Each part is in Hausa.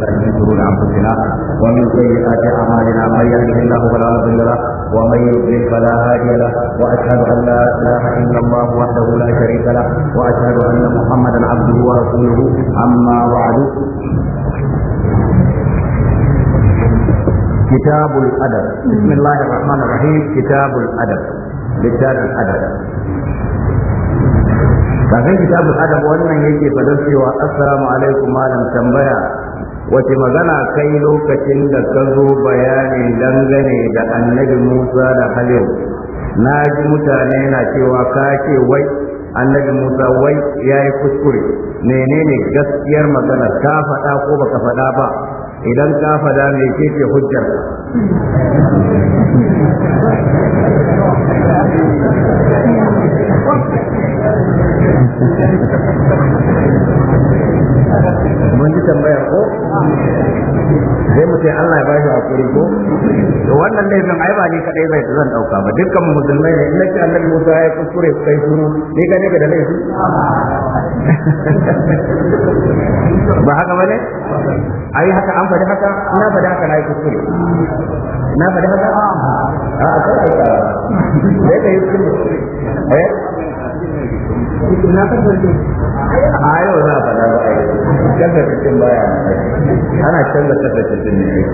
ونستعين من شرور انفسنا ومن سيئات اعمالنا من يهده الله فلا مضل له ومن يضلل فلا هادي له واشهد ان لا اله الا الله وحده لا شريك له واشهد ان محمدا عبده ورسوله اما بعد كتاب الادب بسم الله الرحمن الرحيم كتاب الادب كتاب الادب kafin kitabul adab wannan yake fadar cewa assalamu alaikum malam tambaya wace magana kai lokacin da ka zo bayani dangane da annabi Musa da Halil na ji mutane na cewa ka ce wai annabi Musa wai ya yi kuskure menene gaskiyar magana ka faɗa ko baka faɗa ba idan ka faɗa ne ke ce hujjar mun ji tambaya zai mu sai Allah ya bashi hakuri ko to wannan dai laifin ai ba ni kadai bai zan dauka ba dukkan musulmai ne inna inda annabi Musa ya kuskure kai suru ne ga ne ga da laifi ba haka bane ai haka an faɗi haka na faɗi haka na yi kuskure na faɗi haka a a kai ai ka sai ka yi kuskure eh na kasance ai canza cikin baya ana canza canza cikin ne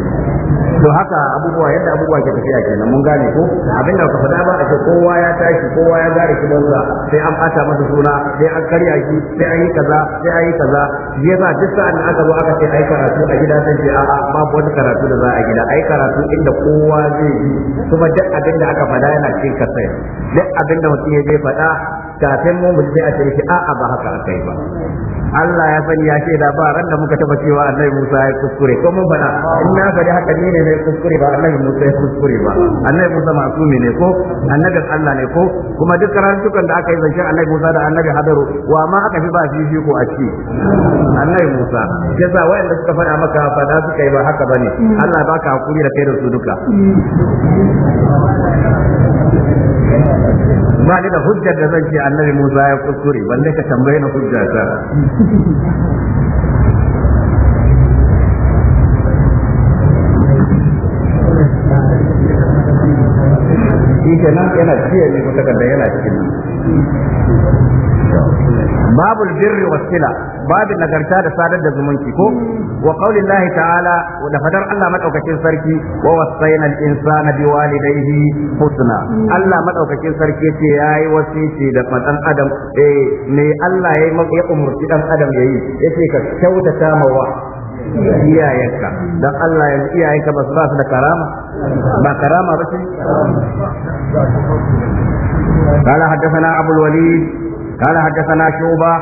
to haka abubuwa yadda abubuwa ke tafiya kenan mun gane ko abinda ka faɗa ba a ce kowa ya tashi kowa ya gare shi banza sai an ɓata masa suna sai an karya shi sai an yi kaza sai an yi kaza ya yasa duk sa'an da aka zo aka ce ai karatu a gida sai ce a'a babu wani karatu da za a gida ai karatu inda kowa zai yi kuma duk abin da aka faɗa yana cikin kasai duk abin da mutum ya zai faɗa kafin mu mu je a ce a'a ba haka akai ba Allah ya sani ya ce da ba ran da muka taba cewa annabi Musa ya kuskure ko mun fada in na fadi haka ne ne mai kuskure ba annabi Musa ya kuskure ba annabi Musa masumi ne ko Annabi Allah ne ko kuma duk karantukan da aka yi zance annabi Musa da annabi Hadaru wa ma aka fi ba shi ko a ci? annabi Musa yasa wayanda suka fada maka fada suka yi ba haka bane Allah baka hakuri da kai da su duka ba ni da hujjar da zan ce annabi Musa ya kuskure balle ka tambaye na hujja ta shi nan yana ciye ne ko takarda yana cikin babul birri wasila babin nagarta da sadar da zumunci ko wa qaulillahi ta'ala da fadar Allah madaukakin sarki wa wasaina al-insana biwalidayhi husna Allah madaukakin sarki ce yayi wasici da fadan adam eh me Allah yayi ya umurci dan adam yayi yace ka kyautata mawa iyayenka dan Allah ya iyayenka ba su ba su da karama ba karama ba ce قال حدثنا أبو الوليد قال حدثنا شعبة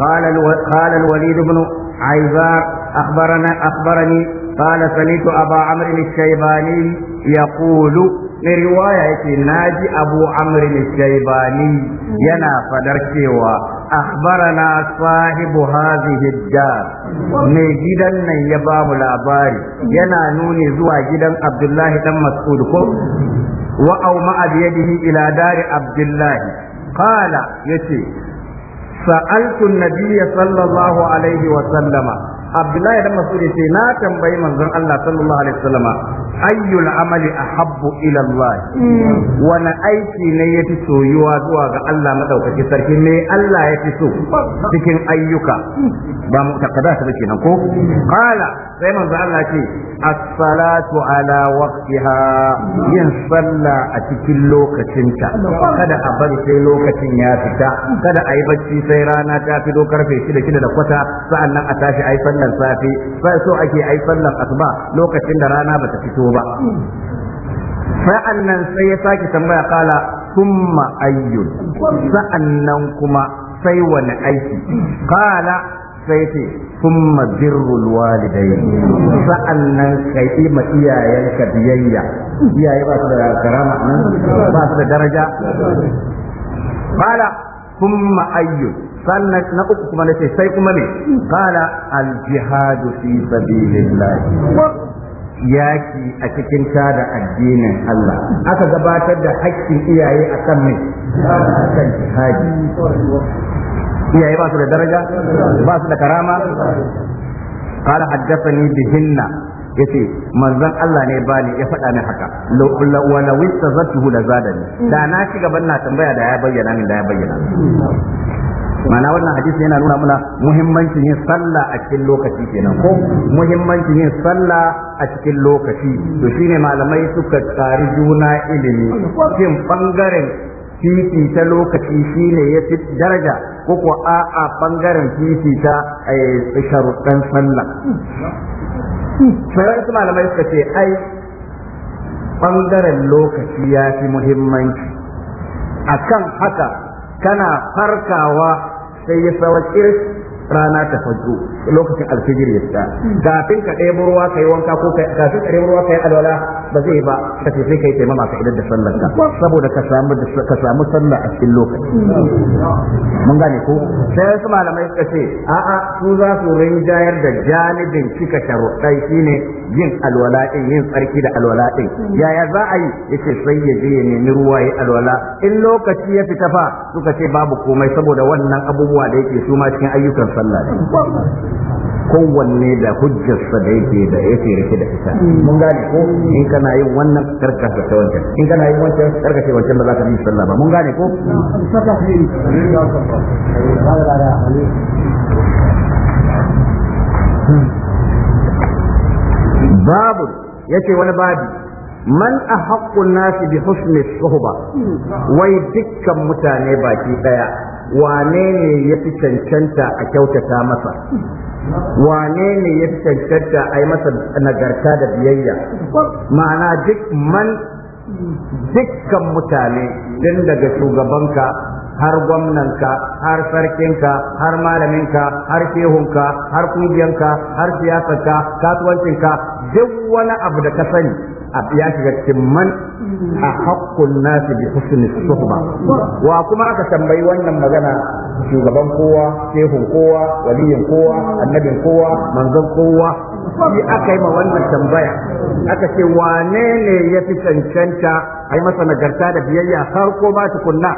قال الو... قال الوليد بن عيزار أخبرنا أخبرني قال سمعت أبا عمرو الشيباني يقول mai riwaya yake naji abu amrin shaibani yana fadar cewa akhbarana sahibu hadhihi dar mai gidan nan ya bamu labari yana nuni zuwa gidan abdullahi ɗan mas'ud ko wa au ma ila dari abdullahi qala yace سألت النبي صلى الله عليه وسلم abdullahi dan mas'ud ce na tambayi manzon Allah sallallahu alaihi wasallama ayyul amali ahabbu ila Allah wani aiki ne yafi soyuwa zuwa ga Allah madaukaki sarki ne Allah yafi so cikin ayyuka ba mu takada ta bace nan ko qala sai manzon Allah ce as-salatu ala waqtiha yin sallah a cikin lokacinta kada a bari sai lokacin ya fita kada a yi bacci sai rana ta fito karfe 6 da kwata sa'annan a tashi a yi sallah sallar safe fa so ake ai sallar asuba lokacin da rana bata fito ba sa'an nan sai ya saki tambaya kala summa ayyun sa'an nan kuma sai wani aiki kala sai ce summa birrul walidai sa'an nan kai ima iyayenka biyayya iyaye ba su da karama nan ba su da daraja kala summa ayyun sannan na uku kuma nace sai kuma ne qala al jihadu fi sabilillah yaki a cikin tada addinin Allah aka gabatar da haƙƙin iyaye akan mai akan jihadi iyaye ba su da daraja ba su da karama قال حدثني بهن yace manzon Allah ne bani ya faɗa ni haka wa law istazatuhu la zadani da na ci gaban na tambaya da ya bayyana min da ya bayyana ma'ana wannan hadisi yana nuna mana muhimmancin yin sallah a cikin lokaci kenan ko muhimmancin yin sallah a cikin lokaci to shine malamai suka tsari juna ilimi cikin bangaren titi ta lokaci shine ya fi daraja ko ko a bangaren titi ta eh, sharuɗan sallah sai malamai suka ce ai bangaren lokaci ya fi muhimmanci akan haka kana farkawa sai ya sawar iris rana ta fajo lokacin alfijir ya tsaya kafin ka ɗebo ruwa kai wanka ko kafin ka ɗebo ruwa kai alwala ba zai ba ka ce sai kai mama ka idan da sallar ka saboda ka samu ka samu sallah a cikin lokaci mun gane ko sai wasu malamai suka ce a'a su za su rinjayar da janibin cika sharuɗai shine yin alwala din yin tsarki da alwala din yaya za a yi yace sai ya je ya nemi ruwa ya alwala in lokaci ya fita fa suka ce babu komai saboda wannan abubuwa da yake su ma cikin ayyukan sallah ne kowanne da hujjarsa da yake da yake rike da ita mun gane ko in kana yin wannan karka ta wancan in kana yin wancan karka ta wancan ba za ka yi sallah ba mun gane ko babu yace wani babu man ahqqu an-nas bi husni suhba wai dukkan mutane baki ɗaya wane ne ya fi cancanta a kyautata masa wane ne ya fi cancanta a yi masa nagarta da biyayya ma'ana duk man dukkan mutane din daga shugabanka har gwamnanka har sarkinka har malaminka har shehunka har kungiyanka har siyasarka kasuwancinka duk wani abu da ka sani ya shiga cikin man a haƙƙun nasu bi husni suhba wa kuma aka tambayi wannan magana shugaban kowa shehun kowa waliyin kowa annabin kowa manzon kowa shi aka yi ma wannan tambaya aka ce wane ne ya fi cancanta a yi masa nagarta da biyayya har ko ba tukunna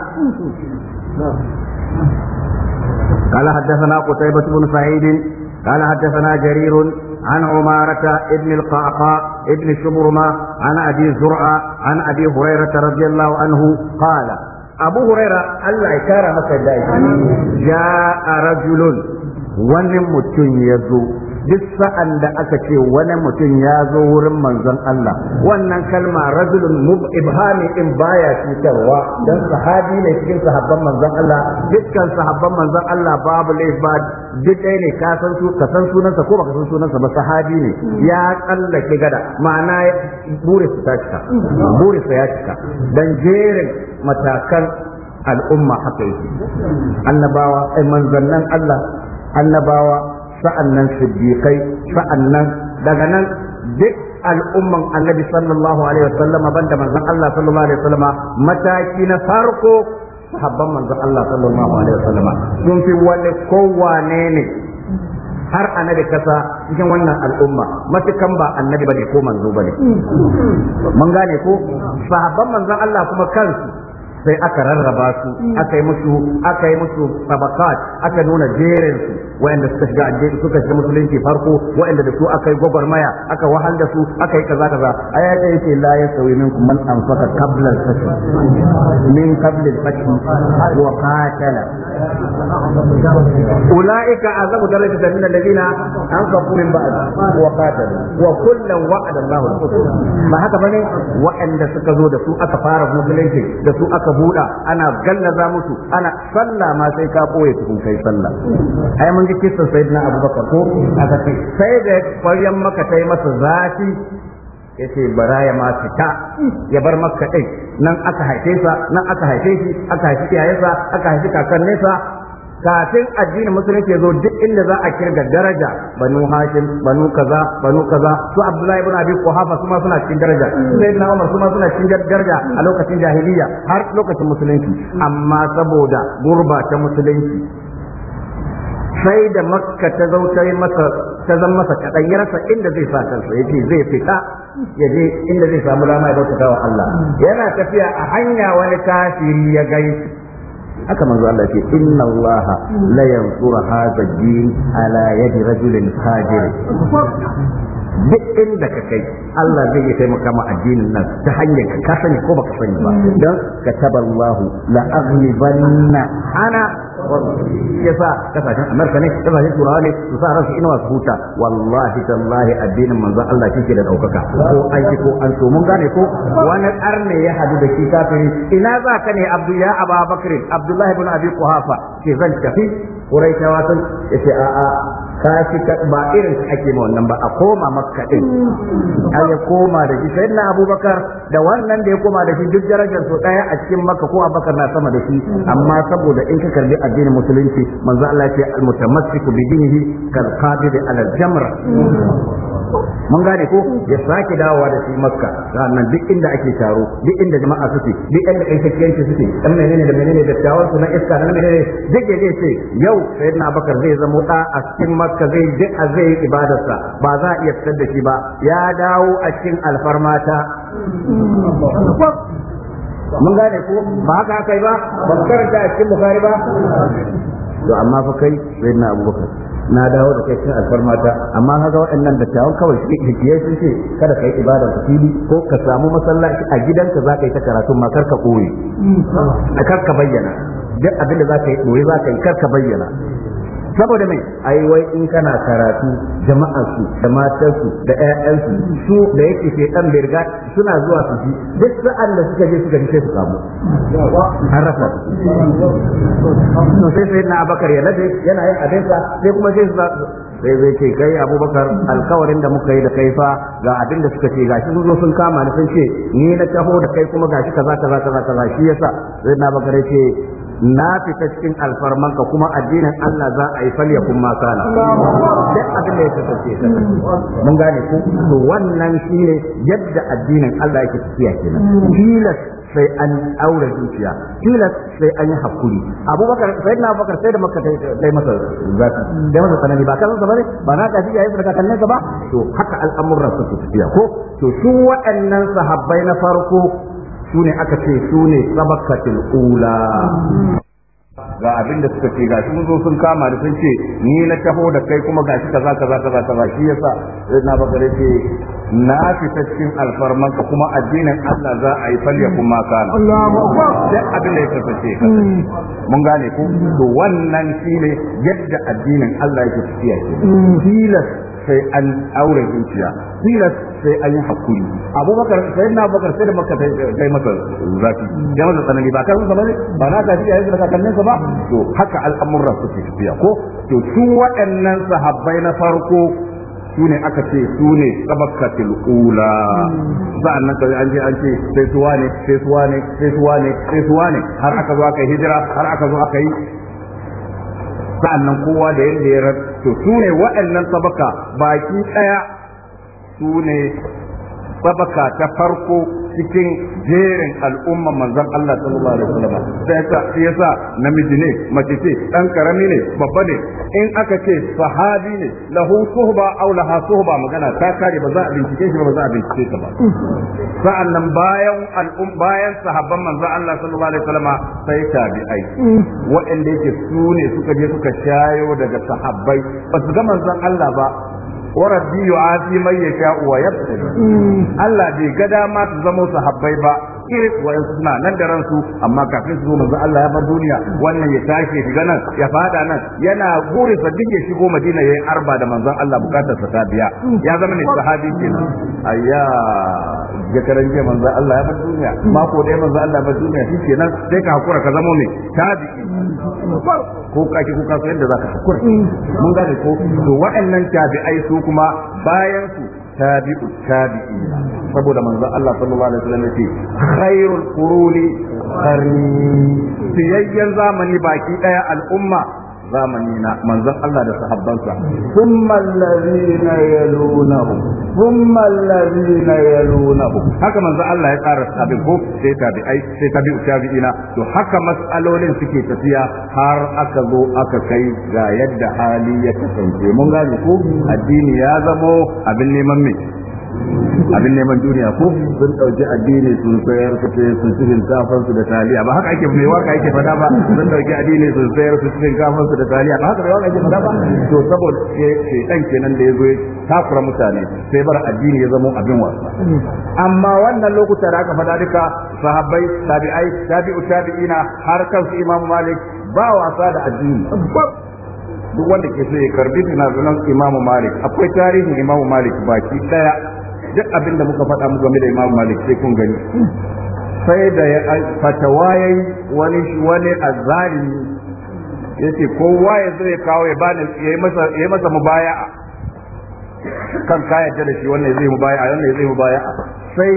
قال حدثنا قتيبة بن سعيد قال حدثنا جرير عن عمارة ابن القعقاع ابن شبرمة عن أبي زرعة عن أبي هريرة رضي الله عنه قال أبو هريرة الله يكرمك جاء رجل ونمت يزور duk sa'an da aka ce wani mutum ya zo wurin manzon Allah wannan kalma rajulun ibhami in baya cutarwa dan sahabi ne cikin sahabban manzon Allah dukkan sahabban manzon Allah babu laifa duk ɗaya ne ka san su ka san sunansa ko baka san sunansa ba sahabi ne ya tsallake gada ma'ana buris ta cika buris ya cika dan jerin matakan al'umma haka yake annabawa ai eh, manzannan Allah annabawa sa'annan siddiqai sa'annan daga nan duk al'umman annabi sallallahu alaihi wasallam banda manzon Allah sallallahu alaihi wasallam mataki na farko sahabban manzon Allah sallallahu alaihi wasallam sun fi wani kowane ne har annabi kasa cikin wannan al'umma matukan ba annabi bane ko manzo bane mun gane ko sahabban manzon Allah kuma kansu sai aka rarraba su mm. aka yi musu aka yi musu tabakat aka nuna jerin su wa'anda suka shiga addini suka shiga musulunci farko wa'anda da su aka yi gwagwarmaya aka wahal da su aka yi kaza kaza aya ta yace la ya min minkum man anfaqa qabla al-fath min qabla al-fath wa qatala ulaika azabu darajatan min alladhina anfaqu min ba'd wa qatalu wa kullan wa'ada Allahu al-husna ba haka bane wa'anda suka zo da su aka fara musulunci da su aka buɗa ana gallaza musu ana sallah ma sai ka ɓoye tukun kai sallah ai mun ji kisan Abu abubakar ko aka ce sai da kwaryan maka ta yi masa zafi yace bara ya ma fita ya bar maka din nan aka haife sa nan aka haife shi aka haifi iyayensa aka haifi kakannesa. kafin addinin musulunci ya zo duk inda za a kirga daraja banu hashim banu kaza banu kaza su abdullahi ibn abi quhafa su suna cikin daraja sai na umar su ma suna cikin daraja a lokacin jahiliya har lokacin musulunci amma saboda gurba ta musulunci sai da makka ta zauta masa ta zan masa kadan inda zai sa kansa yace zai fita ya je inda zai samu zama ya bauta wa Allah yana tafiya a hanya wani kafiri ya gaishe haka manzo Allah ce inna Allah la yansuru hadha din ala yadi rajulin fajir duk inda ka kai Allah zai iya taimaka ma addinin nan ta hanyar ka sani ko baka sani ba don ka taballahu la aghlibanna ana yasa kasashen Amurka ne kasashen Turawa ne su sa rasu inuwa su huta wallahi tallahi addinin manzon Allah shi ke da daukaka ko an ji ko an so mun gane ko wani arne ya hadu da shi kafiri ina za ka ne Abdu ya Abubakar abdullahi ibn abi kuhafa ke zan tafi quraishawa sun yace a'a ka ba irin su ake ma wannan ba a koma makka din a ya koma da shi sayyidina abubakar da wannan da ya koma da shi duk darajar su daya a cikin makka ko abubakar na sama da shi amma saboda in ka karbi addinin musulunci manzo Allah ya ce al mutamassiku bi dinihi kal qabid ala al jamra mun gane ko ya sake dawowa da shi makka sannan duk inda ake taro duk inda jama'a suke duk inda kai sakiyanci suke dan menene da menene da tawar su na iska na menene duk ya ce yau sayyidina abubakar zai zama da a cikin ka zai duk a zai ibadarsa ba za a iya fitar da shi ba ya dawo a cikin alfarmata mun gane ko ba haka haka yi ba ba karanta a cikin bukari ba to amma fa kai sai na abubakar na dawo da kai cikin alfarmata amma haka waɗannan dattawan kawai shi da sun ce kada ka yi ibadar ka fili ko ka samu masallaci a gidanka za ka yi ta karatu ma kar ka koyi kar ka bayyana duk abin da za ka yi ɓoye za ka yi kar ka bayyana saboda mai ai wai in kana karatu jama'arsu su da matar su da ƴaƴan su su da yake ke dan birga suna zuwa su ji duk sa'an da suka je suka ji sai su samu an rasa sai sai na abakar ya lade yana yin abin sa sai kuma sai su sai zai ce kai abubakar alkawarin da muka yi da kai fa ga abin da suka ce gashi sun zo sun kama ni sun ce ni na taho da kai kuma gashi kaza kaza kaza kaza shi yasa sai na ya ce na fita cikin alfarmanka kuma addinin Allah za a yi falya kun ma kana duk abin da ya kasance mun gane ku to wannan shine yadda addinin Allah yake tafiya kenan tilas sai an aure zuciya tilas sai an yi hakuri abubakar sai na abubakar sai da maka sai masa zafi da masa tsanani ba kan sa bane ba na ka shi yayin daga kannan ka ba to haka al'amuran su tafiya ko to su waɗannan sahabbai na farko su ne aka ce su ne sabakatil ula ga abin da suka ce ga sun zo sun kama da sun ce ni na taho da kai kuma shi kaza kaza kaza kaza shi yasa na bakare ce na fita cikin alfarman ka kuma addinin Allah za a yi falya kuma kana Allahu akbar da abin da ya kasance hmm. mun gane ko to wannan ne yadda addinin Allah yake tafiya ke hmm. tilas sai an aure zuciya tilas sai an yi hakuri abubakar sai na abubakar sai da makka sai masa zafi ya masa tsanani ba kan bane ba na tafi yayin da kakannin sa ba to haka al'amurra su ke tafiya ko to su waɗannan sahabbai na farko su ne aka ce su ne tabakatil ula sa'annan kaje an je an ce sai su wane sai su wane sai su wane sai su wane har aka zo aka yi hijira har aka zo aka yi sa'annan kowa da yanda ya to su ne waɗannan sabaka baki ɗaya su ne sabaka ta farko cikin jerin al'umma manzan Allah sallallahu alaihi wasallam sai yasa yasa namiji ne mace ce dan karami ne babba ne in aka ce sahabi ne lahu suhba aw laha suhba magana ta kare ba za a bincike shi ba za a bincike ka ba sa'an nan bayan al'um bayan sahabban manzan Allah sallallahu alaihi wasallam sai tabi'ai wa'anda yake su ne suka je suka shayo daga sahabbai ba su ga manzan Allah ba wa rabbi yu'ati man yasha'u wa yaqdir mm. Allah bai ga dama su zama sahabbai ba kiris wayansu suna nan da ransu amma kafin su zo manzo Allah ya bar duniya wannan ya tashi shiga nan ya fada nan yana burin sa duk ya shigo Madina yayin arba da manzo Allah bukatar sa ta biya ya zama ne sahabi kenan ayya ga karan je Allah ya bar duniya mako dai manzo Allah ya bar duniya shikenan sai ka hakura ka zama mai tabi ko kaki ko kasu yadda zaka hakura mun gane ko to waɗannan tabi'ai su kuma bayan su tabi'u tabi'ina saboda manzo Allah sallallahu alaihi wasallam yace khairul quruni qarni siyayyan zamani baki daya al'umma zamanina manzon Allah da sahabbansa thumma allazina yalunahu thumma allazina yalunahu haka manzon Allah ya tsara abin ko sai tabi'u tabi'ina to haka mas'alolin suke tafiya har aka zo aka kai ga yadda Ali ya kasance mun ko addini ya zamo abin neman mai abin neman duniya ko sun dauki addini sun sayar su ce su cikin kafan su da taliya ba haka ake mai waka ake fada ba sun dauki addini sun sayar su cikin kafan su da taliya ba haka mai waka ake fada ba to saboda ke dan kenan da yazo ya takura mutane sai bar addini ya zama abin wasa amma wannan lokuta da aka fada duka sahabbai tabi'ai tabi'u tabi'ina har su imam malik ba wasa da addini duk wanda ke so ya karbi tunanin imamu malik akwai tarihin imamu malik baki daya duk abin da muka faɗa mu game da Imam Malik sai kun gani sai da ya fatawaye wani wani azzalimi yace kowa ya zo ya kawo ya bani yayi masa yayi masa mubaya'a kan ka da shi wannan zai mubaya'a wannan zai mubaya'a sai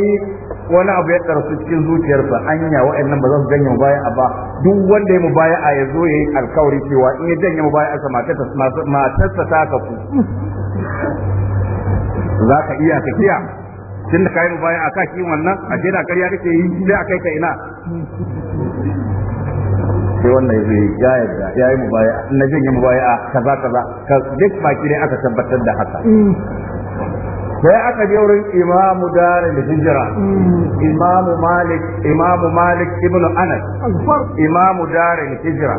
wani abu ya tsarasu cikin zuciyarsa anya wa'annan ba za su janye mubaya'a ba duk wanda ya mubaya'a ya zo yayi alkawari cewa in ya janye mubaya'a sa matarsa ta kafu za ka iya ka tun da kayan bayan a kashi wannan a ce da karya kake yi sai a kai ka ina sai wannan ya zai ya ya yi mubaya na yi mubaya a kaza kaza ka duk baki ne aka tabbatar da haka sai aka je wurin imamu darin da hijira imamu malik imamu malik ibnu anas imamu darin hijira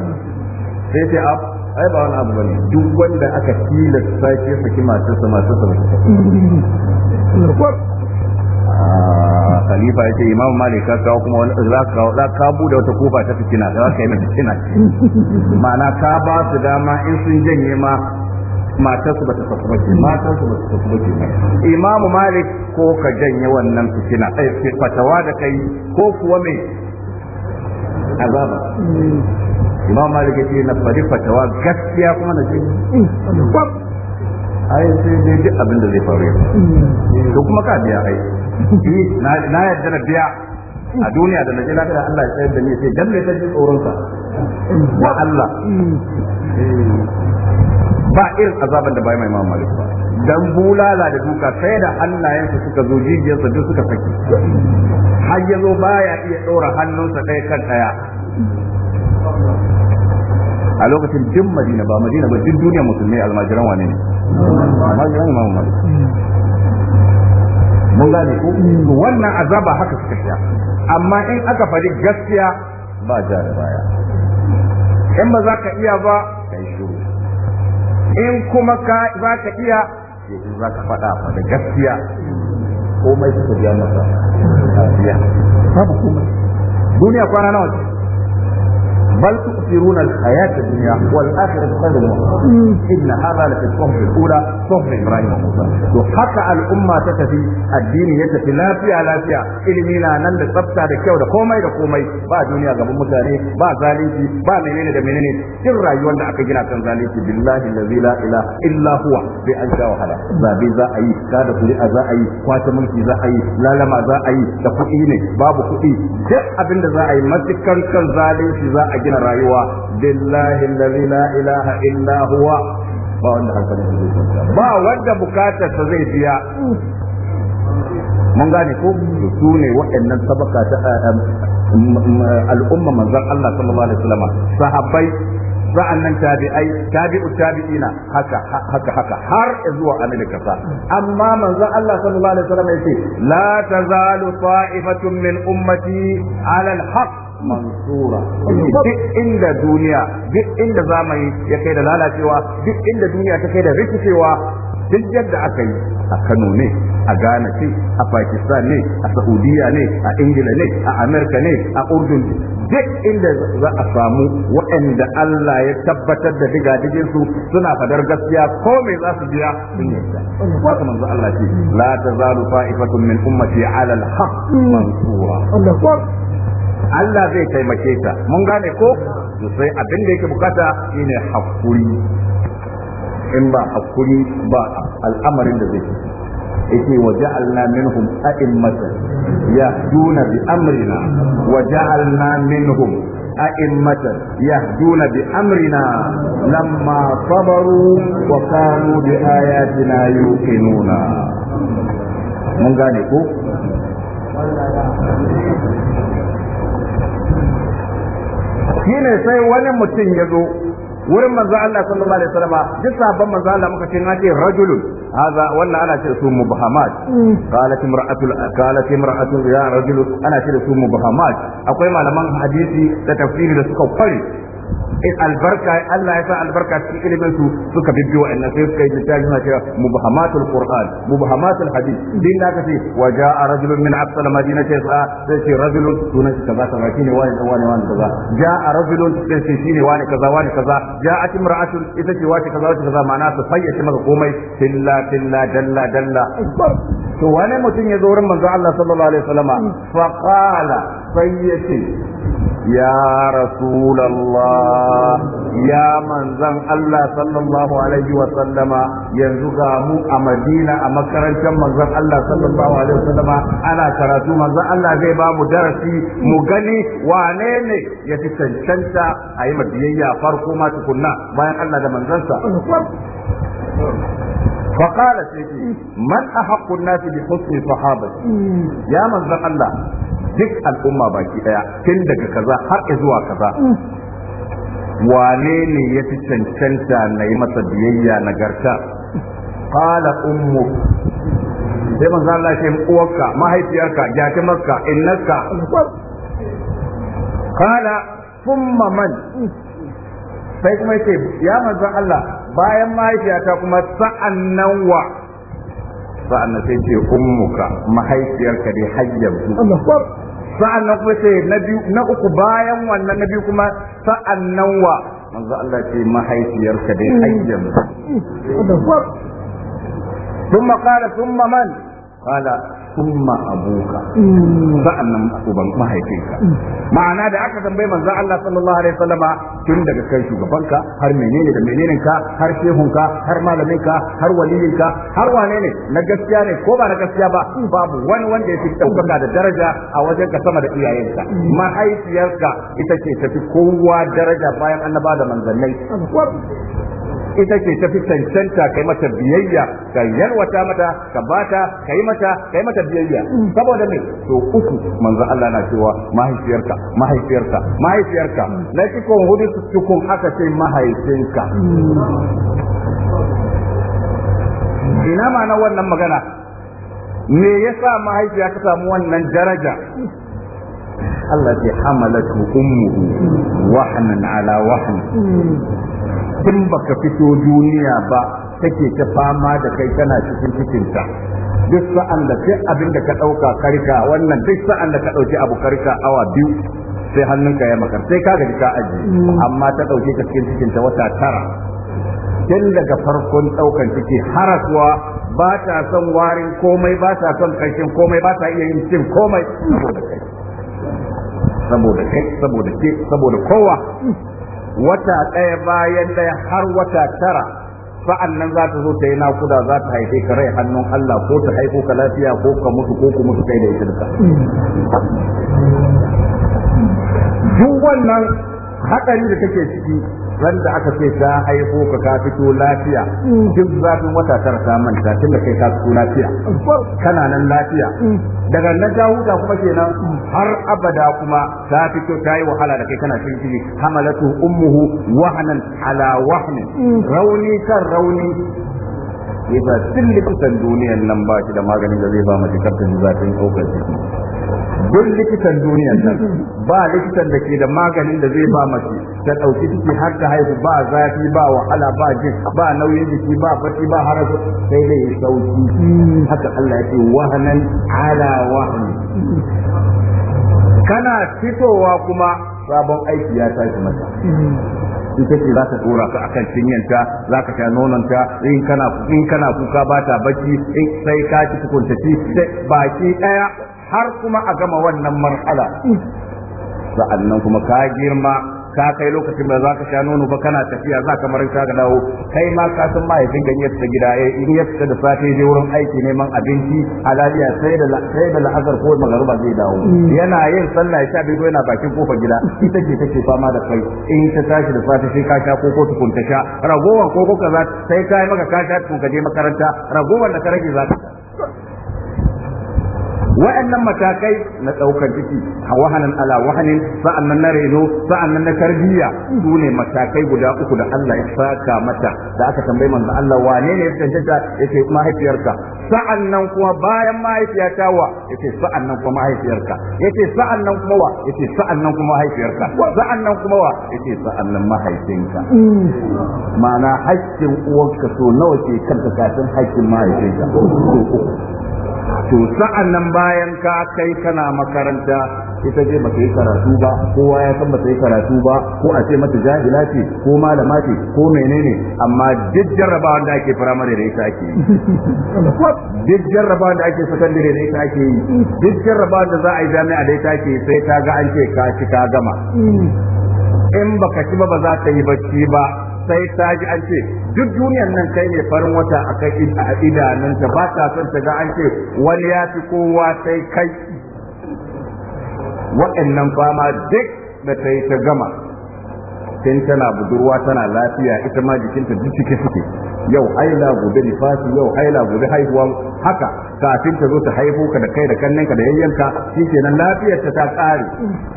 sai sai ai ba wani abu bane duk wanda aka tilas sake saki matarsa matarsa ba ah, khalifa ya ce imam malik ka kawo kuma wani za ka kawo ka bude wata kofa ta fitina za ka yi mata fitina ma'ana ka ba su dama in sun janye ma matarsu ba ta fasu ba ke matarsu ba ta fasu ba ke imamu malik ko ka janye wannan fitina ai fatawa da kai ko kuwa mai azaba hmm. imam malik ya ce na fari fatawa gaskiya kuma na ce ai sai dai duk abin da zai faru to kuma ka biya ai na yadda na biya a duniya da naje lafiya Allah ya tsayar da ni sai dalle ta ji tsoron sa wa Allah eh. ba irin azaban da bai mai imam malik ba dan bulala da duka sai da hannayensa suka zo jijiyarsa duk suka saki har ya zo baya iya ɗora hannunsa ɗaya kan ɗaya a lokacin din madina ba madina ba din duniya musulmai almajiran wane ne almajiran mamu malik mun gane ko wannan azaba haka suka sha amma in aka faɗi gaskiya ba ja da baya in ba za ka iya ba kai shiru in kuma ka za ka iya in za ka faɗa faɗa gaskiya komai suka biya masa biya babu komai duniya kwana nawa ce بل تؤثرون الحياة الدنيا والآخرة خير إن هذا لفي الصحف الأولى sohbe Ibrahim Musa to haka al ta tafi addini ya tafi lafiya lafiya ilimi na nan da tsafta da kyau da komai da komai ba duniya ga mutane ba zalunci ba menene da menene cin rayuwar da aka gina kan zalunci billahi la ilaha an sha wahala za bi za ayi da kuri za ayi kwata mulki za ayi lalama za ayi da kuɗi ne babu kuɗi duk abin da za ayi matukan kan zalunci za a gina rayuwa billahi la ilaha ba wanda hankalin su zai kwanta ba wanda bukatarsa zai biya mun gane ko su ne waɗannan sabaka ta al'umma manzon Allah sallallahu alaihi wasallam sahabbai sa'annan tabi'ai tabi'u tabi'ina haka haka haka har zuwa amilika fa amma manzon Allah sallallahu alaihi wasallam yace la tazalu ta'ifatun min ummati ala al-haqq mansura duk inda duniya duk inda zamani ya kai da lalacewa duk inda duniya ta kai da rikicewa duk yadda aka yi a Kano ne a Ghana ce a Pakistan ne a Saudiya ne a Ingila ne a Amerika ne a Urdun duk inda za a samu waɗanda Allah ya tabbatar da diga su suna fadar gaskiya ko me za su biya sun yadda haka manzo Allah ce la tazalu fa'ifatun min ummati ala al-haqq mansura Allah zai taimake ta mun gane ko sai abin da yake bukata shine hakuri in ba hakuri ba al'amarin da zai yake wa ja'alna minhum a'immatan yahduna bi amrina wa ja'alna minhum a'immatan yahduna bi amrina lamma sabaru wa kanu bi ayatina yuqinuna mun gane ko shine sai wani mutum ya zo wurin manzo Allah sallallahu alaihi wasallam duk sabon manzo Allah muka ce na ce rajulun hadha wannan ana ce su mubhamat qalat imra'atu qalat imra'atu ya rajul ana ce su mubhamat akwai malaman hadisi da tafsiri da suka kware in albarka Allah ya sa albarka cikin ilimin su suka bibbi wa'annan sai suka yi littafi suna cewa mubahamatul qur'an mubahamatul hadith din da aka ce wa ja'a rajulun min aqsal madinati sa ah, sai ce rajulun sunan shi kaza kaza shine wani da wani wani kaza ja'a rajulun sai ce shine wani kaza wani kaza ja'at imra'atun ita ce wace kaza wace kaza ma'ana su fayyace maka komai tilla tilla dalla dalla to wani mutum ya zo wurin manzo Allah sallallahu alaihi wasallama fa qala sai يا رسول الله يا من زن الله صلى الله عليه وسلم ينزغى مو أمدينة أمكرن كم من زن الله صلى الله عليه وسلم أنا كراتو من زن الله زي باب درسي مغني وانيني يتسنشنتا أي مدينة فرقو ما تكنا بيان الله ده من زنسا فقال سيدي من أحق الناس بحسن صحابتي يا من زن الله duk al'umma baki daya tun daga kaza har zuwa kaza wane ne ya fi cancanta na yi masa biyayya nagarta kala ummu sai manzo Allah lashe uwarka mahaifiyarka jatimarka innaka kala thumma man sai kuma ce ya manzo Allah bayan mahaifiyata kuma sa'an nan wa sa'an sai ce ummuka mahaifiyarka dai har yanzu sa'an nan kuma sai na biyu na uku bayan wannan na biyu kuma sa'an nan wa manzo Allah ce mahaifiyarka dai hayyan Kuma قال kuma man قال summa abuka mm. sa'annan uban mahaifinka ma'ana da aka tambaye manzo Allah sallallahu alaihi wasallama tun daga kai shugabanka har menene da menene ka har shehunka har malaminka har waliyinka har wane ne na gaskiya ne ko ba na gaskiya ba babu wani wanda ya fi daukaka da daraja a wajen ka sama da iyayenka mahaifiyarka ita ce tafi kowa daraja bayan annaba da manzannai ita ce tafi cancanta kai mata biyayya ka yalwata mata ka bata kai mata kai mata biyayya saboda me to uku manzo Allah na cewa mahaifiyarka mahaifiyarka mahaifiyarka na cikin hudu cikin aka ce mahaifinka ina ma'ana wannan magana me yasa mahaifiya ta samu wannan daraja Allah ya hamalatu ummuhu wahnan ala wahn tun baka fito duniya ba take ta fama da kai tana cikin cikinta duk sa'an da sai abin da ka ɗauka karka wannan duk sa'an da ka ɗauki abu karka awa biyu sai hannun ka ya makar sai ka gaji ka aji mm. amma ta ɗauke ka cikin cikinta wata tara tun daga farkon ɗaukan ciki harasuwa ba ta son warin komai ba ta son ƙarshen komai ba ta iya yin cin komai saboda kai saboda kai saboda saboda kowa wata ɗaya bayan ɗaya har wata tara sa'an nan za ta zo ta yi nakuda za ta haife ka rai hannun Allah ko ta haifo ka lafiya ko ka mutu ko ku mutu kai da ita duka duk wannan haɗari da take ciki wanda aka ce ta haifo ka ka fito lafiya duk zafin wata tara ta manta da kai ka fito lafiya kana nan lafiya daga nan ta huta kuma kenan har abada kuma ta fito ta yi wahala da kai kana cin ciki hamalatu ummuhu wahanan ala wahnin rauni kan rauni yasa duk likitan duniyan nan ba shi da maganin da zai ba mace kafin zafin ɗaukar ciki duk likitan duniyan nan ba likitan da ke da maganin da zai ba mace ta ɗauki ciki har ta haihu ba zafi ba wahala ba jin ba nauyin jiki ba fati ba harasu sai dai sauki haka Allah ya ce wahanan ala wahani kana fitowa kuma sabon aiki ya tashi mata ita ce za ta dora ka akan cinyanta za ka sha nononta in kana kuka ba ta bacci sai ka ci tukuntaci ci baki daya har kuma a gama wannan marhala sa'annan kuma ka girma ka kai lokacin da za ka sha nono ba kana tafiya za ka marar ka dawo kai ma ka san mahaifin ganye ta gida eh, in ya fita da safe je wurin aiki neman abinci a sai da sai da la'azar ko magaruba zai dawo yana yin sallah ya sha bido yana bakin kofar gida ita ce take fama da kai in ta tashi da safe sai ka sha ko ko tukun ta sha ragowar ko ko kaza sai ka yi maka ka sha tukun ka je makaranta ragowar da ka rage za ka wa'annan matakai na ɗaukar ciki a wahanan ala wahanin sa'annan na reno sa'annan na tarbiyya su ne matakai guda uku da Allah ya saka mata da aka tambayi manzo Allah wane ne ya cancanta yake mahaifiyarka sa'annan kuma bayan mahaifiyata wa yace sa'annan kuma mahaifiyarka yace sa'annan kuma wa yace sa'annan kuma mahaifiyarka sa'annan kuma wa yace sa'annan mahaifinka ma'ana haƙƙin uwanka so nawa ke kanta kafin haƙƙin mahaifinka to sa'an nan bayan ka kai kana makaranta ita ce bata yi karatu ba kowa ya san bata yi karatu ba ko a ce mata jahila ce ko malama ce ko menene amma duk jarrabawan da ake firamare da ita ake duk jarrabawan da ake sakandare da ita ake yi duk jarrabawan da za a yi jami'a da ita ake sai ta ga an ce ka ci ka gama in baka ci ba ba za ta yi bacci ba sai ta ji an ce duk duniyar nan kai ne farin wata a kai idanunta ba ta son ta ga an ce wani ya fi kowa sai kai waɗannan fama duk da ta yi ta gama tun tana budurwa tana lafiya ita ma jikinta duk cike suke yau haila gobe nifasi yau haila gobe haihuwa haka kafin ta zo ta haihu ka da kai da kannanka da yayyanka shikenan lafiyar ta ta kare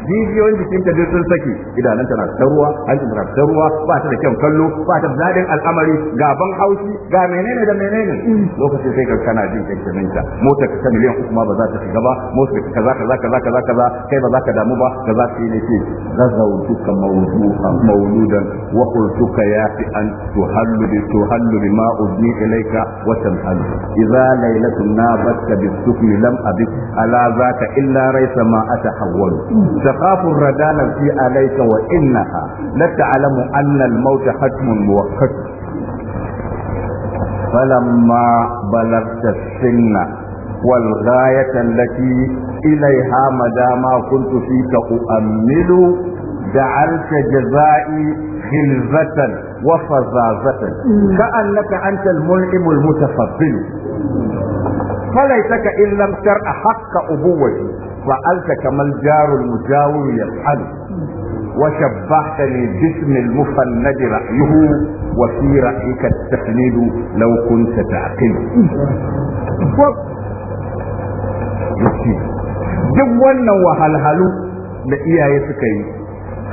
jijiyoyin jikin ta duk sun saki idanun ta na taruwa hancin ta na taruwa ba ta da kyan kallo ba ta da daɗin al'amari gaban haushi ga menene da menene lokacin sai ka kana jin kyakkyamin ta motar ka miliyan uku ma ba za ta shiga ba motar ka kaza kaza kaza kaza kaza kai ba za ka damu ba ka za ka yi ne ce zazautuka mawdu'an mawludan wa qultuka ya fi an tuhallu bi tuhallu بما أبني إليك وتمحل إذا ليلة نابتك بالسكن لم أبك ألا ذاك إلا ريس ما أتحول تخاف الردان في عليك وإنها لتعلم أن الموت حتم مؤقت فلما بلغت السن والغاية التي إليها مدام كنت فيك أؤمل جعلت جزائي خلفة وفزازة كأنك أنت الملئم المتفضل فليتك إن لم تر حق أبوتي فألت كما الجار المجاور يفعل وشبهتني باسم المفند رأيه وفي رأيك التفنيد لو كنت تعقل duk wannan wahalhalu da iyaye suka yi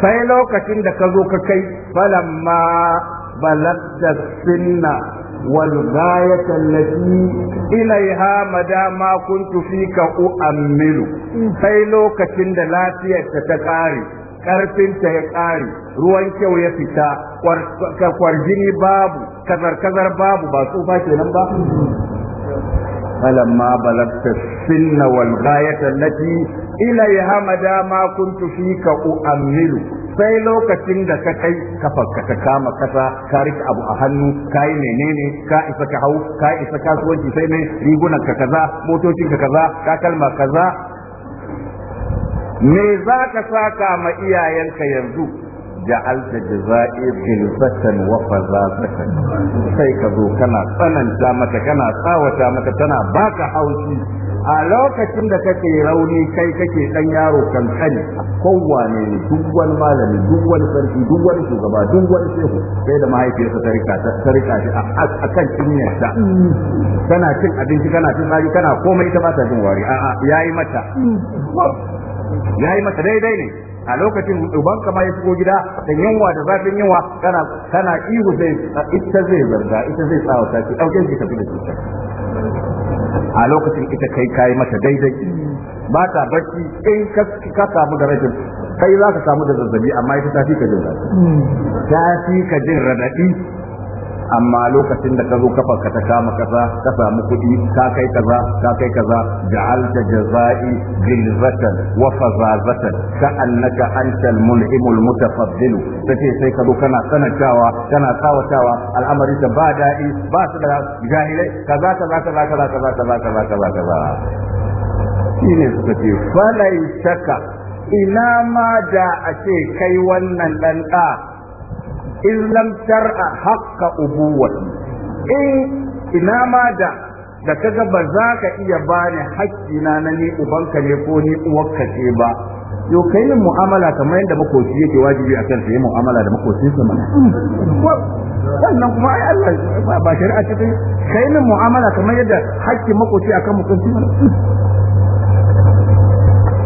sai lokacin da ka zo ka kai falamma balagta sinna wal gayata allati ilaiha madama kuntu fika u'ammilu sai lokacin da lafiyar ta kare karfin ta ya kare ruwan kyau ya fita kwarjini babu kazar kazar babu ba tsufa kenan ba falamma balagta sinna wal ghayata Ila Yahamada madama kuntu u u'amilu sai lokacin da ka kai kafarka ka kama kasa ka rika abu a hannu ka yi menene ka isa ka hau ka isa kasuwanci sai ne rigunan ka kaza motocin ka kaza ka kalma kaza me za ka saka ma iyayenka yanzu ja'alta jazai ghilfatan wa fazatan sai ka zo kana tsananta mata kana tsawata mata tana baka haushi a lokacin da kake rauni kai kake dan yaro kankani kowane ne duk wani malami duk wani sarki duk wani shugaba duk wani shehu sai da mahaifiyarsa ta rika ta rika shi a kan ta kana cin abinci kana cin tsari kana komai ita ba ta jin wari a'a yayi mata yayi mata daidai ne a lokacin uban ma ya shigo gida da yunwa da zafin yunwa kana kana ihu zai ita zai zarga ita zai tsawa ta ki dauke ki tafi da shi a lokacin ita kai kai mata daidai ba ta bacci in ka samu da rashin kai za ka samu da zazzabi amma ita ta fi ka jin hmm. ta fi ka jin radadi amma lokacin da ka zo kafa ka ta kama kaza ka samu kuɗi ka kai kaza ka kai kaza ja'alta jazai gilzatan wa fazazatan ka annaka antal mulhimul mutafaddil tace sai ka zo kana sanatawa kana kawatawa al'amari ta ba da'i ba su da jahilai kaza kaza kaza kaza kaza kaza kaza kaza kaza shine suka ce falai shaka ina ma da a ce kai wannan dan da in lam tar'a haqqa ubuwati in ina ma da da kaga ba za ka iya bani haƙƙina na ni ubanka ne ko ni uwarka ce ba yau kai min mu'amala kamar yadda makoci yake wajibi a kan sai mu'amala da makocinsa mana wannan kuma ai Allah ba shari'a ce kai min mu'amala kamar yadda haƙƙin makoci akan mutunci mana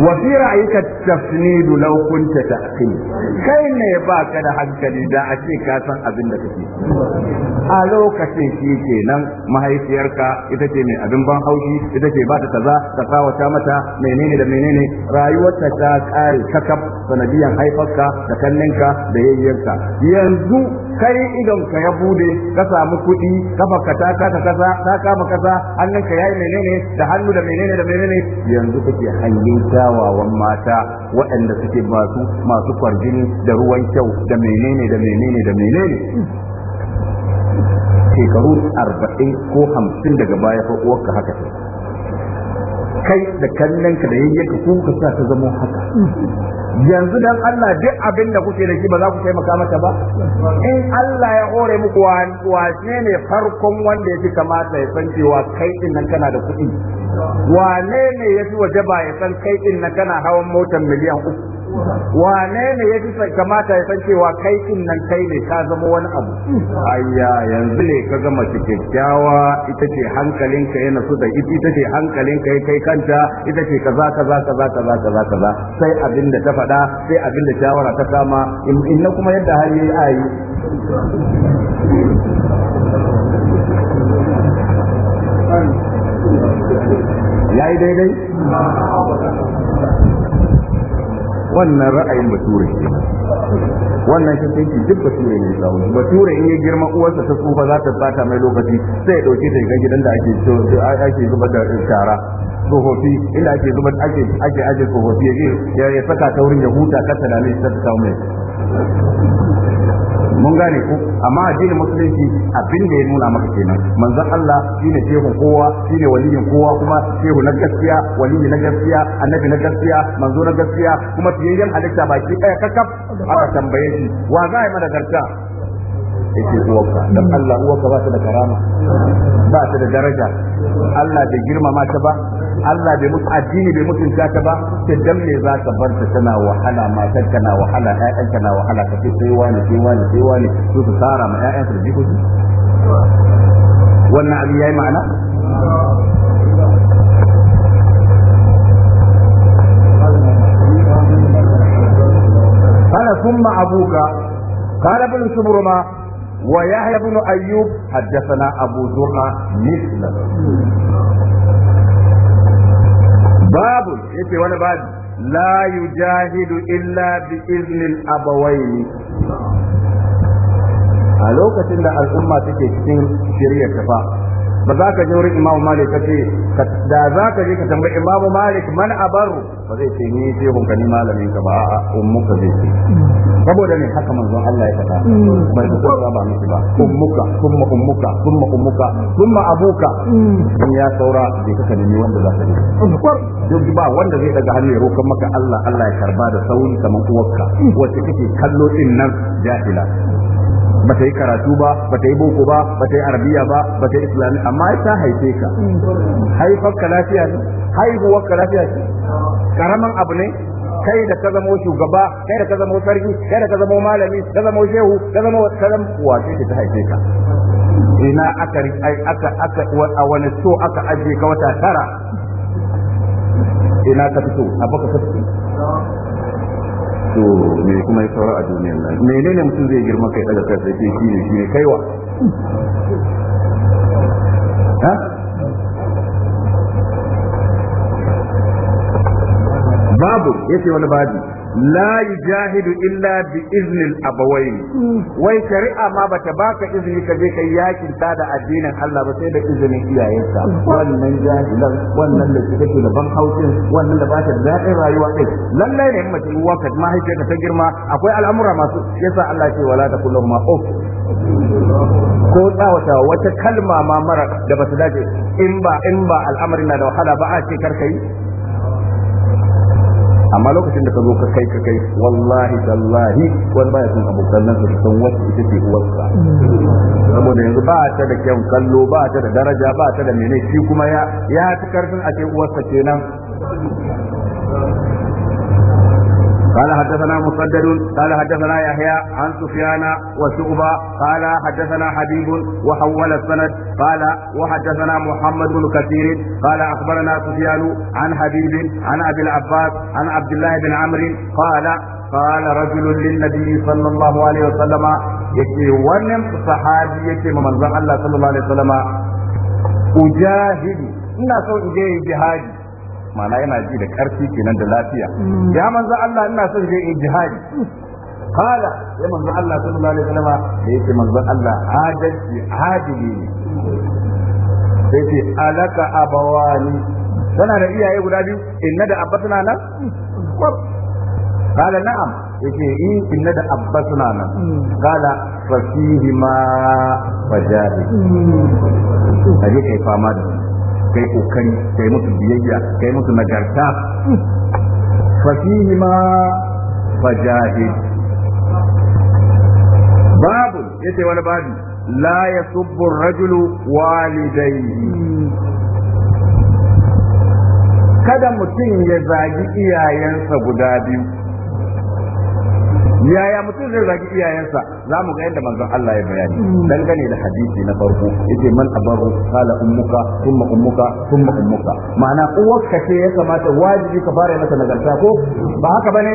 wa fi ra'ayika tafnid law kunta ta'qil kai ne ba ka da hankali da a ce ka san abin da kake a lokacin shi kenan mahaifiyarka ita ce mai abin ban haushi ita ce ba ta kaza ta kawata mata menene da menene rayuwarta ta kare kakab sanadiyan haifarka da kanninka da yayyanka yanzu kai idan ka ya bude ka samu kuɗi kafa baka ta ka kasa ta baka kasa hannun ka yayi menene da hannu da menene da menene yanzu kake hangin kyawawan mata waɗanda suke masu masu kwarjini da ruwan kyau da menene da menene da menene shekaru arba'in ko hamsin daga baya ko uwarka haka ce kai da ka da yayyanka ko ka sa ka zama haka yanzu dan Allah duk abin da kuke da shi ba za ku taimaka mata ba in Allah ya hore muku wane ne farkon wanda ya fi kamata ya san cewa kai din nan kana da kuɗi wane ne ya fi wajaba ya san kai din nan kana hawan motar miliyan uku wane ne ya fi kamata ya san cewa kai din nan kai ne ka zama wani abu ayya yanzu ne ka gama kyakkyawa ita ce hankalinka yana su da ita ce hankalinka ya kai kanta ita ce kaza kaza kaza kaza kaza kaza sai abin da ta faɗa sai abin da shawara ta kama inna kuma yadda har yayi ayi yayi daidai wannan ra'ayin bature ke wannan ta sai duk bature ne samu bature in ya girma uwarsa ta tsufa za ta bata mai lokaci sai ya dauke ta ga gidan da ake ake zuba da shara tsofaffi inda ake zuba ake ake ake tsofaffi ya saka ta wurin ya huta kasa da ne ta samu mai mun gane ku, amma addinin musulunci abin da ya nuna maka kenan manzon Allah shine shehu kowa shine waliyin kowa kuma shehu na gaskiya waliyi na gaskiya annabi na gaskiya manzo na gaskiya kuma fiyayyen halitta baki ɗaya kakaf aka tambaye shi wa za a yi mana garta yake uwarka dan Allah uwarka ba ta da karama ba ta da daraja Allah bai girmama ta ba Allah bai mutu addini bai mutunta ta ba ta dan me za ka bar ta tana wahala matar kana wahala ƴaƴan kana wahala ka ce sai wani sai wani sai wani su su tsara ma ƴaƴan su jikoki wannan abin yayi ma'ana قال ثم أبوك قال ابن سمرمة ويحيى بن أيوب حدثنا أبو زرعة مثله babu yace wani babu la yujahidu illa bi iznil abawaini a lokacin da al'umma take cikin shirya ta ba za ka je wurin imamu malik ka ce da za ka je ka tambayi imamu malik man abaru ba zai ce ni ce hunka ni malamin ka ba a ummuka zai ce saboda ne haka manzon Allah ya faɗa mm. bai ku kowa ba miki ba ummuka kuma ummuka kuma ummuka kuma abuka mm. in ya saura bai kaka nemi wanda za ka je duk ba wanda zai daga hannu ya roƙa maka Allah Allah ya karba da sauri kamar uwarka mm. wacce kake kallo din nan jahila ba yi karatu ba ba ta yi boko ba ba yi arabiya ba ba ta yi islami amma ta haife ka haifar ka lafiya ne haihuwar ka lafiya ce karaman abu ne kai da ka zamo shugaba kai da ka zamo sarki kai da ka zamo malami ka zamo shehu ka zamo karam wace ta haife ka ina aka aka aka a wani so aka aje ka wata tara ina ka fito a baka ka fito to me kuma ya saura a duniyar nan menene mutum zai girma kai daga kai sai shi ne shi ne kaiwa ha babu yace wani babu la yujahidu illa bi iznil abawayn wai shari'a ma bata baka izini ka je kai yakin ta da addinin Allah ba sai da izinin iyayenka wannan jahilan wannan da kake da ban hausin wannan da bata da daɗin rayuwa kai lallai ne mace uwa ka ta girma akwai al'amura masu yasa Allah ce wala ta kullum ma of ko tsawata wata kalma mara da ba su in ba in ba al'amari na da wahala ba a ce ka yi amma lokacin da ka zo ka kai ka kai wallahi tallahi wani baya son abokan nan su san wasu ita ce uwarsa saboda yanzu ba ta da kyan kallo ba ta da daraja ba ta da mene shi kuma ya ya fi karfin a ce uwarsa kenan قال حدثنا مسدد قال حدثنا يحيى عن سفيان وشعبة قال حدثنا حبيب وحول السند قال وحدثنا محمد بن كثير قال أخبرنا سفيان عن حبيب عن أبي العباس عن عبد الله بن عمرو قال قال رجل للنبي صلى الله عليه وسلم yake wannan sahabi yake ma manzon Allah sallallahu alaihi wasallama ujahidu ina so in je jihadi Mana yana ji da karfi kenan da lafiya ya manzo Allah ina son je in jihadi kala ya manzo Allah sallallahu alaihi wasallam da yake manzo Allah hajji hajji ne sai ce alaka abawani tana da iyaye guda biyu inna da abbatuna eh, nan kala na'am yake in inna da abbatuna nan kala fasihima fajari hmm. aje kai fama da kai kokari kai musu biyayya kai musu nagarta fasihi ma fajahid babu yace wani babu la yasubbu rajulu walidayhi kada mutum ya zagi iyayensa guda biyu yaya mutum zai zagi iyayensa za mu ga yadda manzon Allah ya bayani mm. dangane da hadisi na farko yace man abaru kala ummuka thumma ummuka thumma ummuka ma'ana uwarka ce ya kamata wajibi ka fara mata nagarta ko ba haka bane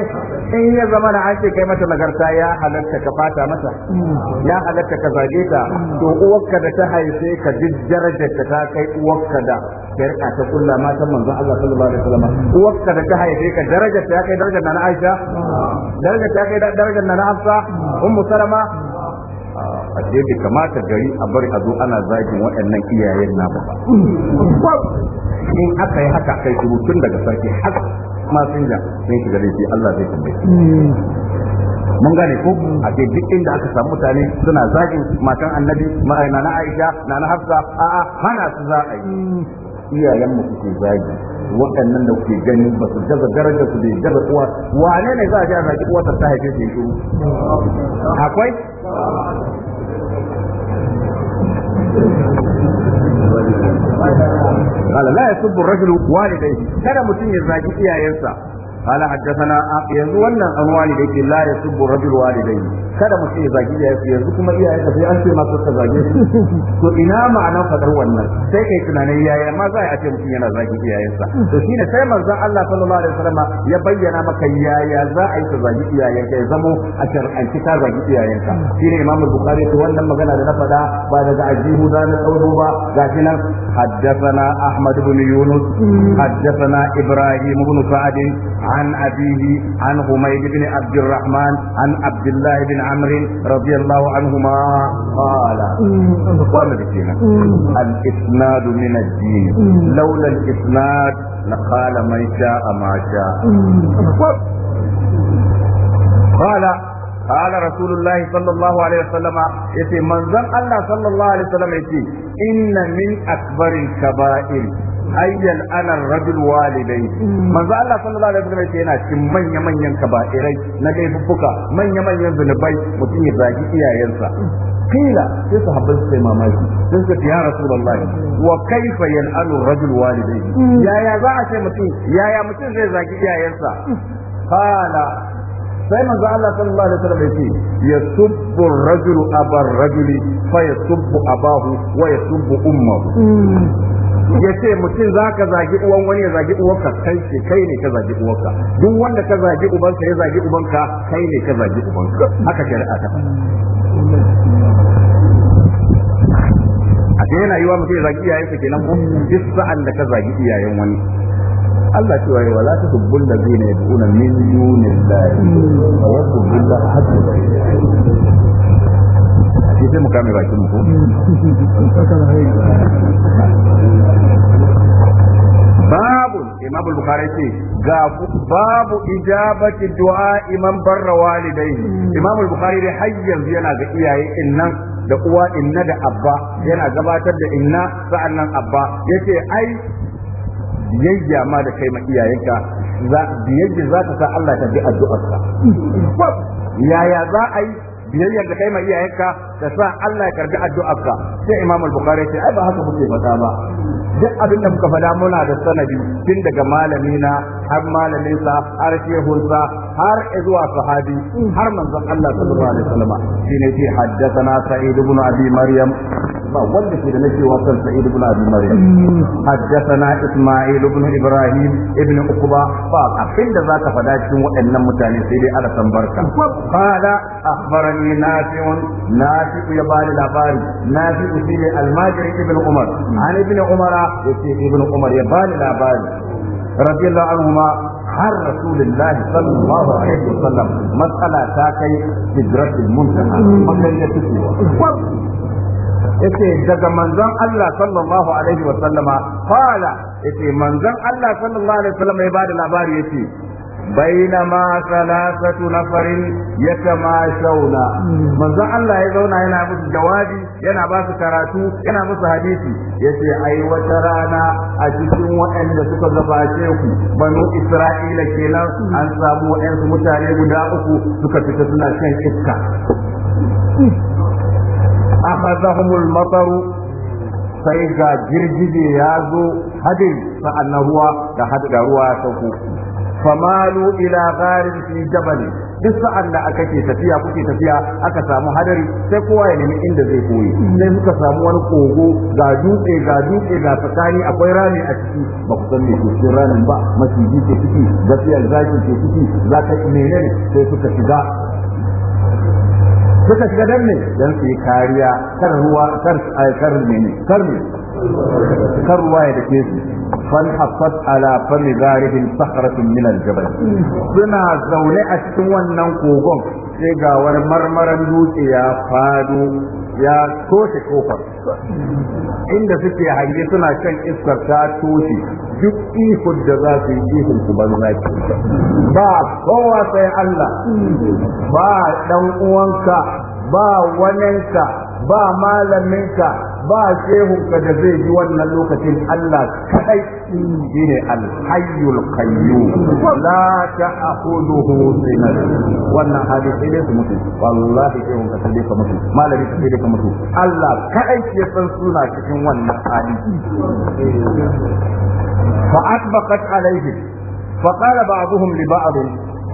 in ya zama na ake kai mata nagarta ya halatta ka fata mata mm. ya halatta ka zage ta mm. to uwarka da ta haife ka duk da ta kai uwarka da shari'a ta kulla matan manzon Allah sallallahu alaihi wasallam uwarka da ta haife ka darajar ta kai darajar na Aisha darajar ta kai darajar na Hafsa ummu Salama a ah, ce bai kamata gari a bari a zo ana zagin waɗannan iyayen na ba in aka yi haka kai kuma tun daga sarki haka masu jan sun shiga da shi Allah zai tambaye mun gane ko a ce duk inda aka samu mutane suna zagin matan annabi ma'aina na Aisha na na Hafsa a'a hana su za a yi iyayen mu kuke zagi waɗannan da kuke ganin ba su gaza daraja su bai gaza uwa wane ne za a ji a zagi uwa ta haife shi shiru akwai قال لا يسب الرجل والديه kada mutum ya zagi iyayensa قال حدثنا yanzu wannan anwani da yake la yasubbu rajul walidai kada mutum ya zagi ya fi yanzu kuma iyaye ka an ce masa ka to ina ma'anar faɗar wannan sai kai tunanin yaya ma za a ce mutum yana zagi iyayensa to shine sai manzon Allah sallallahu alaihi wasallam ya bayyana maka yaya za a yi ka zagi iyayenka ya zamo a shar'anci ka zagi iyayenka shine Imam Bukhari wannan magana da na faɗa ba daga ajihu da na tsauro ba gashi nan حدثنا أحمد بن يونس حدثنا إبراهيم بن سعد عن أبيه عن حميد بن عبد الرحمن عن عبد الله بن عمرو رضي الله عنهما قال الإسناد من الدين لولا الإسناد لقال من شاء ما شاء قال قال رسول الله صلى الله عليه وسلم يتي منزل الله صلى الله عليه وسلم يتي إن من أكبر الكبائر ayyal ana rajul walidai manzo Allah sallallahu alaihi wasallam yana cikin manya manyan kaba'irai na laifuffuka manya manyan zunubai mutum ya zagi iyayensa kila sai su su sai mamaki sai suka ya rasulullahi wa kaifa yal'anu rajul walidai yaya za a ce mutum yaya mutum zai zagi iyayensa qala sai manzo Allah sallallahu alaihi wasallam yace yasubbu ar-rajulu abar rajuli fa yasubbu abahu wa yasubbu ummahu ya ce mutum za ka zagi uwan wani ya zagi uwanka kai ce kai ne ka zagi uwanka duk wanda ka zagi ubanka ya zagi ubanka kai ne ka zagi ubanka haka shari'a ta a ake yana yiwa mutum ya zagi iyayensa kenan ko duk sa'an da ka zagi iyayen wani Allah cewa ya wala ta dubbun da zai ne yadda min yunin lahi a wasu billah hajji bai shi sai mu kame bakin mu ko mm. babu imam bukhari ce ga babu ijabati du'a imam barra walidai imam bukhari dai har yanzu yana ga iyaye innan da uwa inna da abba yana gabatar da inna sa'annan abba yace ai biyayya ma da kai ma iyayenka biyayya za ka sa Allah ta bi addu'arka yaya za a yi biyayyar da kai ma iyayenka da sa Allah ya karbi addu'arka sai Imam al-Bukhari ce ai ba haka kuke faɗa ba duk abin da muka faɗa muna da sanadi tun daga malami na har malamin sa har shehun sa har zuwa sahabi har manzon Allah sallallahu alaihi wasallam shine ce haddathana Sa'id ibn Abi Maryam wanda ke da nacewa kan sa'id ibn abi maryam haddathana isma'il ibn ibrahim ibn ukba ba abin da zaka fada cikin waɗannan mutane sai dai ala barka qala akhbarani nafi'un nafi'u ya bani labari nafi'u shine al-majri ibn umar an ibn umar yace ibn umar ya bani labari radiyallahu anhuma har rasulullahi sallallahu alaihi wasallam matsala ta kai sidratul muntaha makan ya yace daga manzon Allah sallallahu alaihi wa sallama fala yace manzon Allah sallallahu alaihi wa sallama ya bada labari yace bainama salasatu nafarin yatamashawna manzon Allah ya zauna yana musu jawabi yana ba su karatu yana musu hadisi yace ai wata rana a cikin waɗanda suka gabace ku banu Isra'ila kenan an samu waɗansu mutane guda uku suka fita suna shan iska akhadhahum al-matar sai ga girgije ya zo hadin sa'annan ruwa da hadda ruwa ya sauko famalu ila gharin duk sa'an da aka ke tafiya kuke tafiya aka samu hadari sai kowa ya nemi inda zai koyi sai muka samu wani kogo ga dutse ga dutse ga tsakani akwai rami a ciki ba ku san me ke cikin ramin ba masiji ke ciki gafiyar zaki ke ciki za ta menene sai suka shiga suka shiga dan ne dan su yi kariya kan ruwa kar eh, kar ne ne ne kar ruwa ya dake su fal haffat ala fami zarihin sahratun suna zaune a cikin wannan kogon sai ga wani marmaran dutse ya fado ya toshe kofar inda suke hange suna shan iskar ta toshe duk ihun da za su yi ihun ku zaki ba kowa sai Allah ba dan uwanka ba wanenka ba malaminka ba shehunka da zai ji wannan lokacin Allah kadai shi ne alhayyul qayyum la ta'khudhuhu sinatun wannan hadisi ne su mutu wallahi shehunka sai ka mutu malami sai ka mutu Allah kadai ke san suna cikin wannan hadisi fa atbaqat alaihi فقال بعضهم لبعض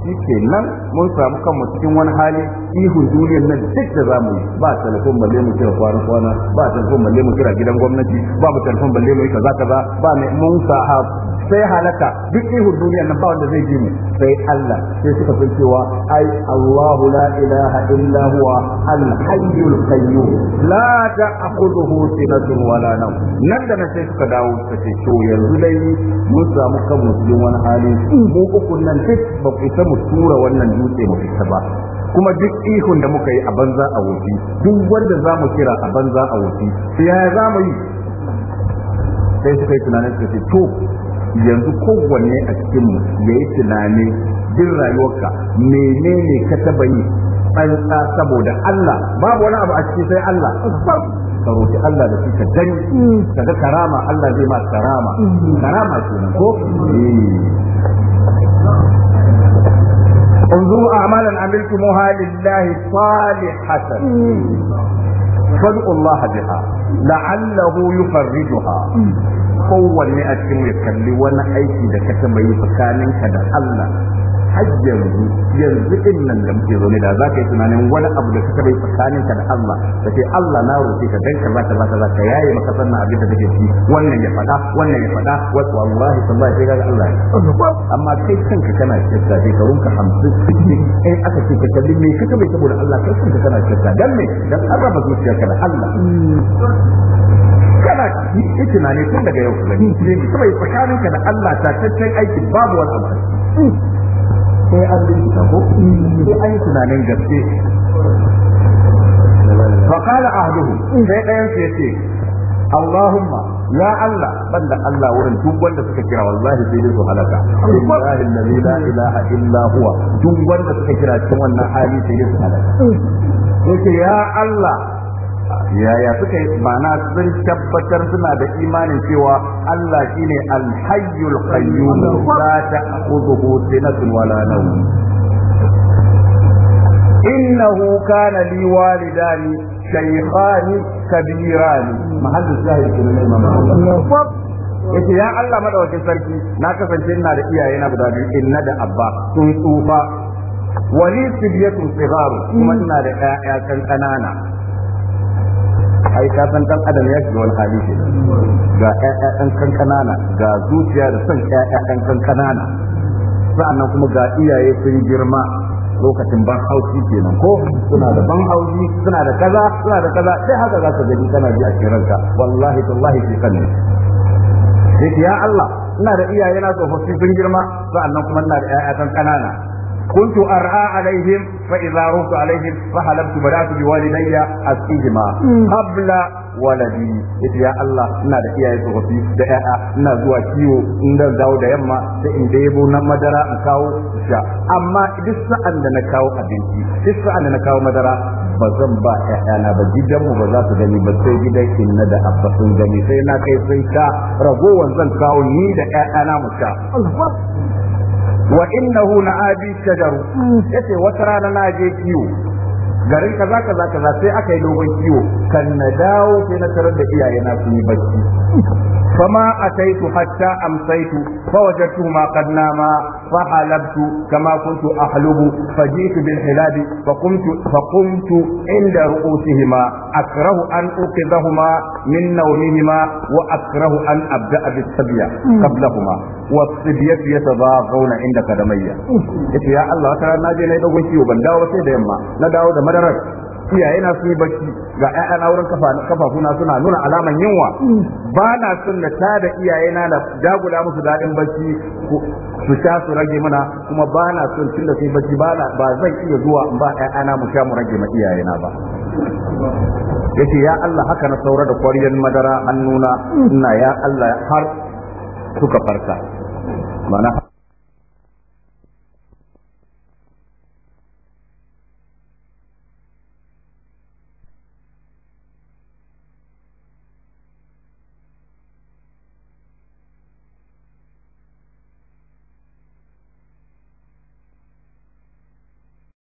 shi kenan mun samu kanmu cikin wani hali ihun duniyar nan duk da zamu yi ba telefon balle mu kira kwana kwana ba telefon balle mu kira gidan gwamnati ba mu telefon balle mu yi kaza kaza ba ne mun ha, sai halaka duk ihun duniyar nan ba wanda zai ji mu sai Allah sai suka san cewa ai Allahu la ilaha illa huwa al-hayyul qayyum la ta'khudhuhu sinatun wala nawm nan da sai suka dawo suka ce to yanzu dai mun samu kanmu cikin wani hali mu uku nan duk ba ku isa mu tura wannan dutse mu fita ba kuma duk ihun da muka yi a banza a wofi duk wanda za mu kira a banza a wofi sai yaya za mu yi sai suka yi tunanin suka ce to yanzu kowanne a cikinmu ya yi tunanin din rayuwarka menene ka taba yi tsantsa saboda Allah babu wani abu a ciki sai Allah ka roki Allah da suka gani kaga karama Allah zai ma karama karama kenan ko انظروا اعمالا عملتموها لله صالحة فادعوا الله بها لعله يفرجها kowanne a cikin ya kalli wani aiki da ka taba yi tsakaninka da Allah har yanzu yanzu din nan da muke zaune da za ka yi tunanin wani abu da ka bai tsakaninka da Allah da ce Allah na roƙe ka dan kaza kaza kaza ka yaye maka sannan abin da kake ci wannan ya faɗa wannan ya faɗa wato wallahi sallahi sai ga Allah amma kai kanka kana shirka sai ka 50 in aka ce ka kalli me kake bai saboda Allah kai kanka kana shirka dan me dan Allah ba zuciyarka da Allah kana yi tunani tun daga yau ka gani ne kuma tsakaninka da Allah ta tattai aiki babu wani abu sai an bincika ko sai an yi tunanin gaske فقال ahduhu sai ɗayan su ce Allahumma ya Allah banda Allah wurin duk wanda suka kira wallahi sai dai su halaka wallahi allazi la ilaha illa huwa duk wanda suka kira cikin wannan hali sai dai su halaka yace ya Allah yaya suka yi mana sun tabbatar suna da imanin cewa Allah shine alhayyul hayyul qayyum la ta'khudhuhu sinatun wala nawm innahu kana li walidani shaykhani kabirani mahallu shahid kenan imam yace ya Allah madaukakin sarki na kasance ina da iyaye na guda biyu inna da abba sun tsufa biya sibiyatun sigaru kuma ina da ƴaƴa kan kanana ai ka san dan adam ya shiga wani hali ke ga ƴaƴa ɗan kankanana ga zuciya da son ƴaƴa ɗan kankanana sa'annan kuma ga iyaye sun girma lokacin ban haushi kenan ko suna da ban haushi suna da kaza suna da kaza sai haka za ka gani kana ji a cikin ranka wallahi tallahi fi kanni ne ya Allah ina da iyaye na tsofaffi sun girma sa'annan kuma ina da ƴaƴa kankanana كنت أرعى عليهم فإذا ba عليهم فحلبت بدأت بوالدي أسقيهما قبل waladi yace ya Allah ina da iyaye tsofaffi da ƴaƴa ina zuwa kiwo in da dawo da yamma sai in debo na madara in kawo sha amma duk sa'an da na kawo abinci duk sa'an da na kawo madara ba zan ba ƴaƴana ba gidanmu ba za su gani ba sai gidan inna da abba sun sai na kai sai ta ragowar zan kawo ni da ƴaƴana mu sha wa innahu abi shajaru yace wata rana na je kiwo garin kaza kaza kaza sai aka yi dogon kiwo kan na dawo sai na tarar da iyayena sun yi bacci فما أتيت حتى أمسيت فوجدتهما قد ناما فحلبت كما كنت أحلب فجئت بالحلاب فقمت فقمت عند رؤوسهما أكره أن أوقظهما من نومهما وأكره أن أبدأ بالسبية قبلهما والصبية يتضاغون عند قدمي يا الله ترى ناجي نيدو وشيو بنداو سيدي ما نداو دمدرك iyaye na sun yi bacci ga ƴaƴa auren kafafuna suna nuna alaman yunwa ba na son na tada iyaye na da jagula musu daɗin bacci su sha su rage mana kuma ba na son tun da sai bacci ba ba zan iya zuwa in ba 'ya'yana mu sha mu rage ma iyaye na ba yace ya Allah haka na saura da kwaryan madara hannuna ina ya Allah har suka farka